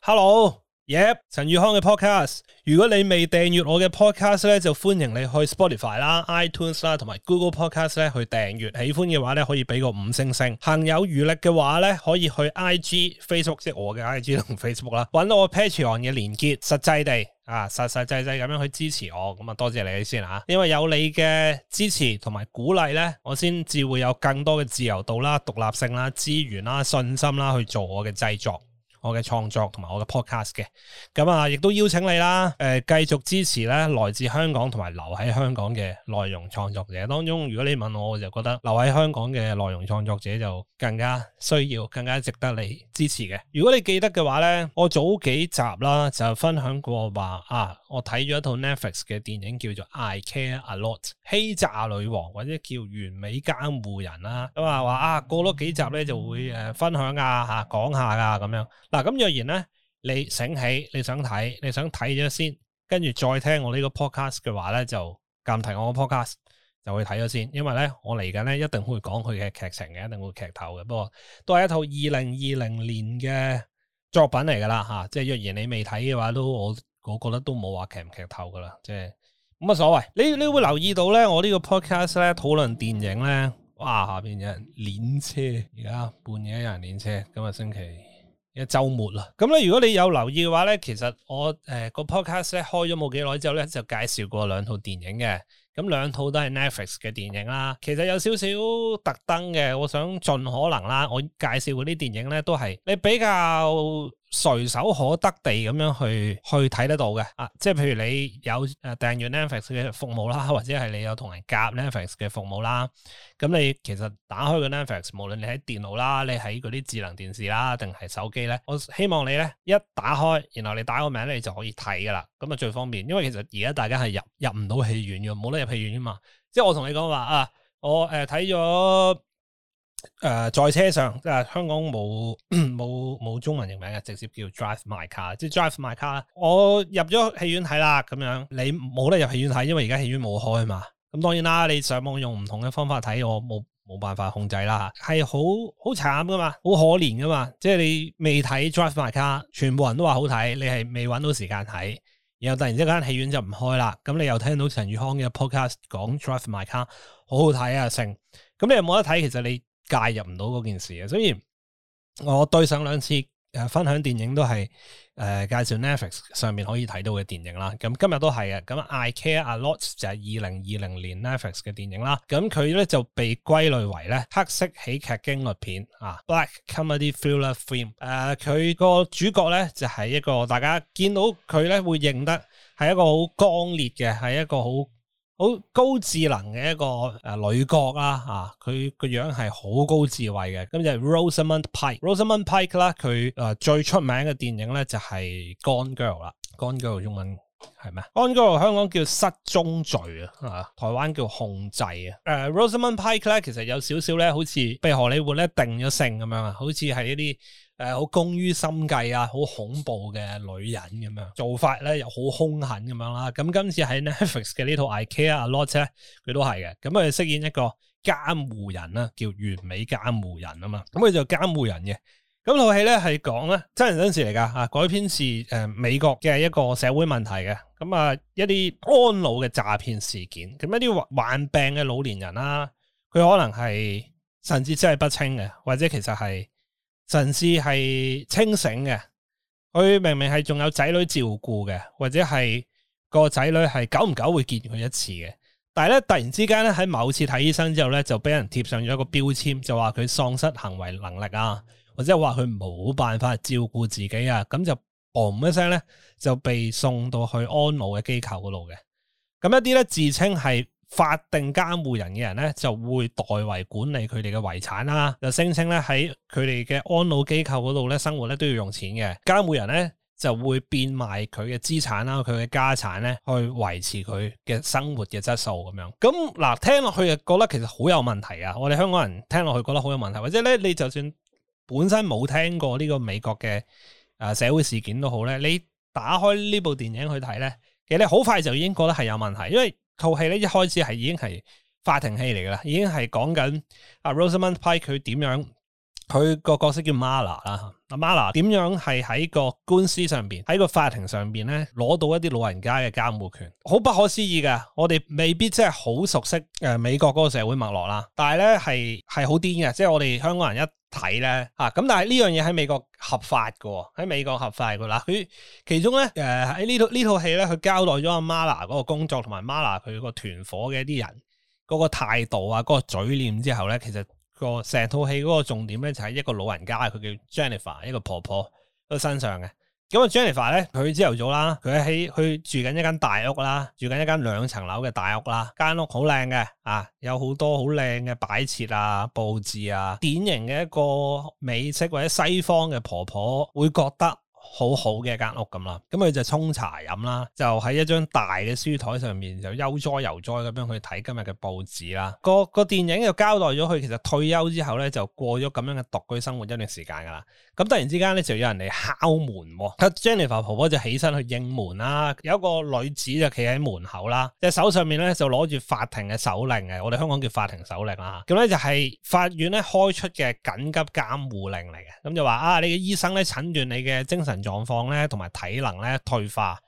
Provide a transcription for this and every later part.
Hello，y、yeah, p 陳宇康嘅 podcast，如果你未訂閱我嘅 podcast 咧，就歡迎你去 Spotify 啦、iTunes 啦，同埋 Google Podcast 去訂閱。喜歡嘅話咧，可以俾個五星星。行有餘力嘅話咧，可以去 IG、Facebook 即我嘅 IG 同 Facebook 啦，搵我 Patreon 嘅連結，實際地啊，實實際際咁樣去支持我。咁啊，多謝你先吓、啊，因為有你嘅支持同埋鼓勵呢，我先至會有更多嘅自由度啦、獨立性啦、資源啦、信心啦，去做我嘅製作。我嘅創作同埋我嘅 podcast 嘅，咁啊，亦都邀請你啦，誒、呃，繼續支持咧，來自香港同埋留喺香港嘅內容創作者當中。如果你問我，我就覺得留喺香港嘅內容創作者就更加需要，更加值得你支持嘅。如果你記得嘅話咧，我早幾集啦就分享過話啊，我睇咗一套 Netflix 嘅電影叫做 I Care A Lot，欺詐女王，或者叫完美監護人啦，咁啊話啊，過多幾集咧就會誒分享啊吓、啊，講下啊咁樣。嗱，咁、啊、若然咧，你醒起你想睇，你想睇咗先，跟住再聽我個呢個 podcast 嘅話咧，就暫停我個 podcast，就去睇咗先。因為咧，我嚟緊咧一定會講佢嘅劇情嘅，一定會劇透嘅。不過都係一套二零二零年嘅作品嚟噶啦，吓、啊，即係若然你未睇嘅話，都我我覺得都冇話劇唔劇透噶啦，即係冇乜所謂。你你會留意到咧，我個呢個 podcast 咧討論電影咧，哇，下邊有人練車，而家半夜有人練車，今日星期周末啦，咁咧，如果你有留意嘅話咧，其實我誒個 podcast 咧開咗冇幾耐之後咧，就介紹過兩套電影嘅。咁兩套都係 Netflix 嘅電影啦，其實有少少特登嘅，我想盡可能啦，我介紹嗰啲電影咧都係你比較隨手可得地咁樣去去睇得到嘅啊！即係譬如你有誒訂閱 Netflix 嘅服務啦，或者係你有同人夾 Netflix 嘅服務啦，咁你其實打開個 Netflix，無論你喺電腦啦，你喺嗰啲智能電視啦，定係手機咧，我希望你咧一打開，然後你打個名你就可以睇噶啦，咁啊最方便，因為其實而家大家係入入唔到戲院嘅，冇得入戲院啊嘛，即係我同你講話啊，我誒睇咗誒在車上，即係香港冇冇冇中文譯名嘅，直接叫 Drive My Car，即係 Drive My Car 啦。我入咗戲院睇啦，咁樣你冇得入戲院睇，因為而家戲院冇開嘛。咁當然啦，你上網用唔同嘅方法睇，我冇冇辦法控制啦，係好好慘噶嘛，好可憐噶嘛。即係你未睇 Drive My Car，全部人都話好睇，你係未揾到時間睇。然後突然之間戲院就唔開啦，咁你又聽到陳宇康嘅 podcast 講 Drive My Car 好好睇啊，成咁你又冇得睇？其實你介入唔到嗰件事，所以我對上兩次。誒，分享電影都係誒、呃、介紹 Netflix 上面可以睇到嘅電影啦。咁今日都係啊，咁 I Care A Lot 就係二零二零年 Netflix 嘅電影啦。咁佢咧就被歸類為咧黑色喜劇驚悚片啊，Black Comedy Thriller Film。誒、呃，佢個主角咧就係、是、一個大家見到佢咧會認得，係一個好剛烈嘅，係一個好。好高智能嘅一個誒、呃、女角啦，啊，佢個樣係好高智慧嘅，咁、嗯、就係、是、Rosamund Pike，Rosamund Pike 啦，佢誒、啊呃、最出名嘅電影咧就係 Gone Girl 啦、啊、Gone Girl 中文係咩？Gone Girl 香港叫失蹤罪啊，啊，台灣叫控制啊，誒、呃、Rosamund Pike 咧其實有少少咧，好似被荷里活咧定咗性咁樣啊，好似係一啲。誒，好工於心計啊，好、啊、恐怖嘅女人咁樣、啊、做法咧，又好凶狠咁樣啦。咁、啊、今次喺 Netflix 嘅呢套《I Care a 啊，《Lot、啊》佢都係嘅。咁佢飾演一個監護人啦、啊，叫完美監護人啊嘛。咁佢就監護人嘅。咁套戲咧係講咧真人真事嚟噶吓，改編是誒、啊、美國嘅一個社會問題嘅。咁啊，一啲安老嘅詐騙事件，咁一啲患病嘅老年人啦、啊，佢可能係神志真係不清嘅，或者其實係。神志係清醒嘅，佢明明係仲有仔女照顧嘅，或者係個仔女係久唔久會見佢一次嘅，但係咧突然之間咧喺某次睇醫生之後咧，就俾人貼上咗一個標籤，就話佢喪失行為能力啊，或者話佢冇辦法照顧自己啊，咁就嘣一聲咧就被送到去安老嘅機構嗰度嘅，咁一啲咧自稱係。法定監護人嘅人咧，就會代為管理佢哋嘅遺產啦。就聲稱咧喺佢哋嘅安老機構嗰度咧生活咧都要用錢嘅，監護人咧就會變賣佢嘅資產啦，佢嘅家產咧去維持佢嘅生活嘅質素咁樣。咁嗱，聽落去就覺得其實好有問題啊！我哋香港人聽落去覺得好有問題，或者咧你就算本身冇聽過呢個美國嘅誒社會事件都好咧，你打開呢部電影去睇咧，其實咧好快就已經覺得係有問題，因為。套戲咧，一開始係已經係法庭戲嚟噶啦，已經係講緊阿 Rosamund Pike 佢點樣，佢個角色叫 Marla 啦，阿 Marla 點樣係喺個官司上邊，喺個法庭上邊咧攞到一啲老人家嘅監護權，好不可思議噶。我哋未必真係好熟悉誒美國嗰個社會脈絡啦，但係咧係係好癲嘅，即係、就是、我哋香港人一。.睇咧嚇，咁、啊、但係呢樣嘢喺美國合法嘅喎，喺美國合法嘅啦。佢其中咧，誒、呃、喺呢套呢套戲咧，佢交代咗阿 Marla 嗰個工作同埋 Marla 佢個團伙嘅一啲人嗰、那個態度啊，嗰、那個嘴臉之後咧，其實個成套戲嗰個重點咧就係一個老人家，佢叫 Jennifer，一個婆婆個身上嘅。咁啊，Jennifer 咧，佢朝頭早啦，佢喺佢住緊一間大屋啦，住緊一間兩層樓嘅大屋啦，間屋好靚嘅啊，有好多好靚嘅擺設啊、佈置啊，典型嘅一個美式或者西方嘅婆婆會覺得。好好嘅一間屋咁啦，咁佢就沖茶飲啦，就喺一張大嘅書台上面就悠哉悠哉咁樣去睇今日嘅報紙啦。那個個電影就交代咗佢，其實退休之後咧就過咗咁樣嘅獨居生活一段時間噶啦。咁突然之間咧就有人嚟敲門，阿、啊、Jennifer 婆婆就起身去應門啦。有一個女子就企喺門口啦，隻手上面咧就攞住法庭嘅手令嘅，我哋香港叫法庭手令啦。咁咧就係、是、法院咧開出嘅緊急監護令嚟嘅，咁就話啊你嘅醫生咧診斷你嘅精神。神狀況咧，同埋體能咧退化，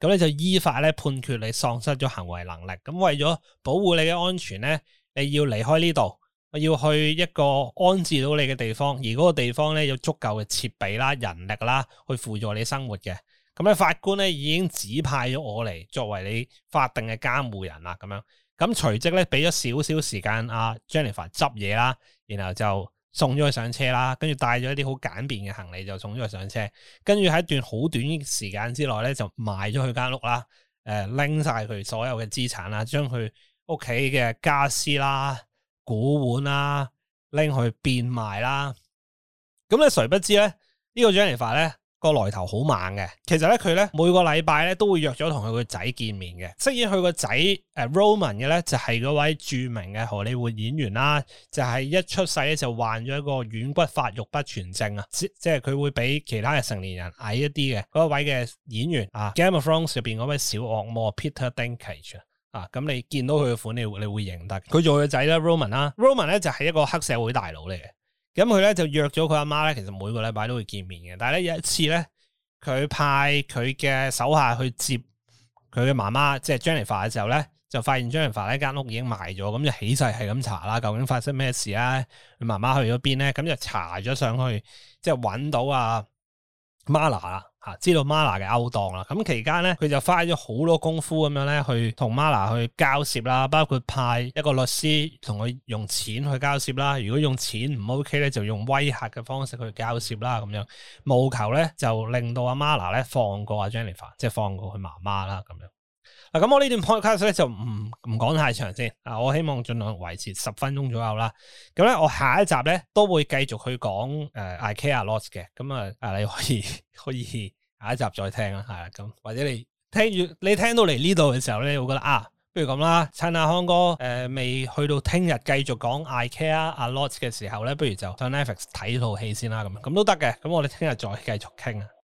咁咧就依法咧判決你喪失咗行為能力。咁為咗保護你嘅安全咧，你要離開呢度，我要去一個安置到你嘅地方，而嗰個地方咧有足夠嘅設備啦、人力啦，去輔助你生活嘅。咁咧，法官咧已經指派咗我嚟作為你法定嘅監護人啦。咁樣，咁隨即咧俾咗少少時間阿 Jennifer 執嘢啦，然後就。送咗佢上車啦，跟住帶咗一啲好簡便嘅行李就送咗佢上車，跟住喺一段好短時間之內咧就賣咗佢間屋啦，誒拎晒佢所有嘅資產啦，將佢屋企嘅家私啦、古玩啦拎去變賣啦，咁咧誰不知咧呢個轉移法咧，個來頭好猛嘅，其實咧佢咧每個禮拜咧都會約咗同佢個仔見面嘅，飾演佢個仔誒 Roman 嘅咧就係、是、嗰位著名嘅荷里活演員啦、啊，就係、是、一出世咧就患咗一個軟骨發育不全症啊，即係佢會比其他嘅成年人矮一啲嘅嗰位嘅演員啊，《Game of Thrones》入邊嗰位小惡魔 Peter Dinklage 啊，咁你見到佢嘅款你，你你會認得佢做佢個仔啦，Roman 啦、啊、，Roman 咧就係、是、一個黑社會大佬嚟嘅。咁佢咧就約咗佢阿媽咧，其實每個禮拜都會見面嘅。但係咧有一次咧，佢派佢嘅手下去接佢嘅媽媽，即係 Jennifer 嘅時候咧，就發現 Jennifer 呢間屋已經賣咗，咁就起勢係咁查啦，究竟發生咩事啊？佢媽媽去咗邊咧？咁就查咗上去，即係揾到啊，Marla 啦。啊！知道 Marla 嘅勾當啦，咁期間咧，佢就花咗好多功夫咁樣咧，去同 Marla 去交涉啦，包括派一個律師同佢用錢去交涉啦，如果用錢唔 OK 咧，就用威嚇嘅方式去交涉啦，咁樣，務求咧就令到阿 Marla 咧放過阿 Jennifer，即係放過佢媽媽啦，咁樣。嗱，咁、啊、我呢段 podcast 咧就唔唔講太長先，啊，我希望盡量維持十分鐘左右啦。咁、啊、咧，我下一集咧都會繼續去講誒，I CARE A LOT 嘅。咁啊，啊你可以可以下一集再聽啦，係、啊、啦。咁或者你聽完你聽到嚟呢度嘅時候咧，你會覺得啊，不如咁啦，趁阿、啊、康哥誒未、呃、去到聽日繼續講 I CARE A LOT 嘅時候咧，不如就 Netflix 睇套戲先啦。咁咁都得嘅。咁我哋聽日再繼續傾啊。